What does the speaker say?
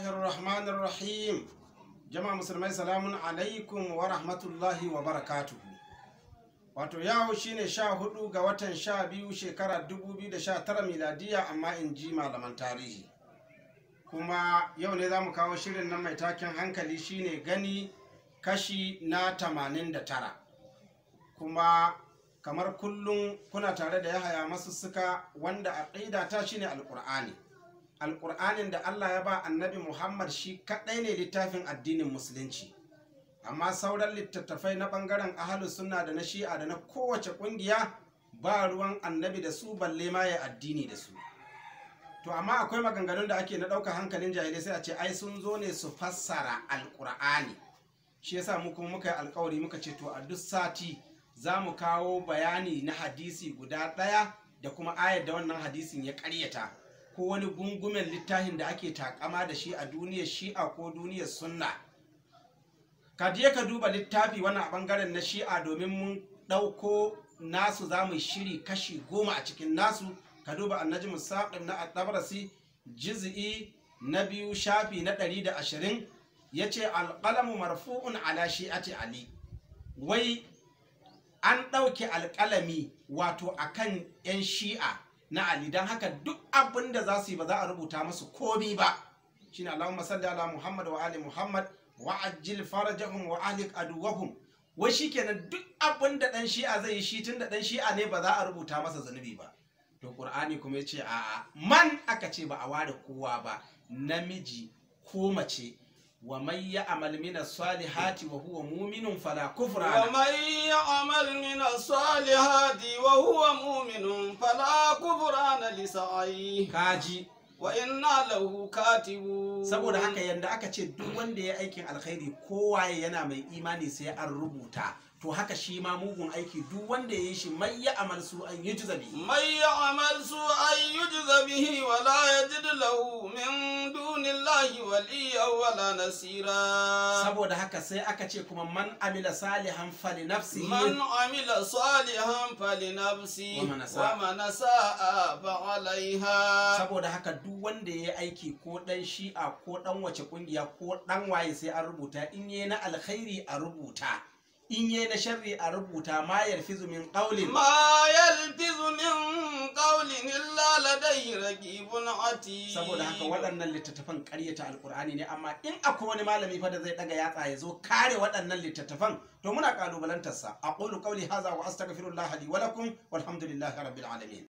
Rahman Rahim jama'a musulmai salamun alaikum wa rahmatullahi wa barakatuhu wato yawo shine sha hudu ga watan sha biyu shekara dubu biyu da sha tara miladiya amma in ji malaman tarihi kuma yau ne za mu kawo shirin nan mai taken hankali shine gani kashi na tamanin da tara. kuma kamar kullum kuna tare da yahaya masussuka wanda a ta shine alkur'ani alƙur'anin da Allah ya ba annabi Muhammad shi kaɗai ne littafin addinin musulunci amma sauran littattafai na ɓangaren ahalus suna da na shi'a da na kowace ƙungiya ba ruwan annabi da su balle ma ya addini da su to amma akwai maganganun da ake na ɗauka hankalin jahilai sai a ce ai sun zo ne su fassara alƙur'ani shi yasa mu kuma muka yi alƙawari muka ce to a duk sati za mu kawo bayani na hadisi guda ɗaya da kuma ayar da wannan hadisin ya ƙaryata ko wani gungumen littafin da ake takama da shi a duniyar shi'a ko duniyar sunna ka je ka duba littafi wani a bangaren na shi'a domin mun ɗauko nasu za mu shiri kashi goma a cikin nasu ka duba annaji musaqib na at jizi'i na biyu shafi na da ashirin. Ya ce Alƙalamu marfu'un ala shi'ati ali wai an ɗauke alƙalami wato akan 'yan shi'a na ali don haka duk abin da za su yi ba za a rubuta musu komi ba shine Allahumma salli ala Muhammad wa ali Muhammad wa ajil farajahum wa ahli aduwahum wai shikenan duk abin da dan shi'a zai yi shi tun da dan shi'a ne ba za a rubuta masa zanubi ba to qur'ani kuma yace a'a man aka ce ba a ware kowa ba namiji ko mace ومن يعمل من الصالحات وهو مؤمن فلا كفران ومن يعمل من الصالحات وهو مؤمن فلا كفران لسعيه كاجي wa inna lahu katibu saboda haka yanda aka ce duk wanda ya aikin alkhairi kowaye yana mai imani sai an rubuta to haka shi ma mugun aiki duk wanda ya yi shi mai ya amal su an yujza bihi mai ya amal su an yujza bihi wa la yajid lahu waliya wala nasira saboda haka sai aka ce kuma man amila salihan fali nafsi man amila salihan fali nafsi wa man sa'a fa alaiha saboda haka duk wanda yayi aiki ko dan shi'a ko dan wace kungiya ko dan waye sai an rubuta in yayi na alkhairi a rubuta in yayi na sharri a rubuta ma yarfizu min qawlin ma yal sun'ati saboda haka waɗannan littattafan ƙaryata alkur'ani ne amma in akwai wani malami fa da zai daga yatsa ya zo kare waɗannan littattafan to muna kalubalantar sa aqulu qawli hadha wa astaghfirullaha li wa lakum walhamdulillahi rabbil alamin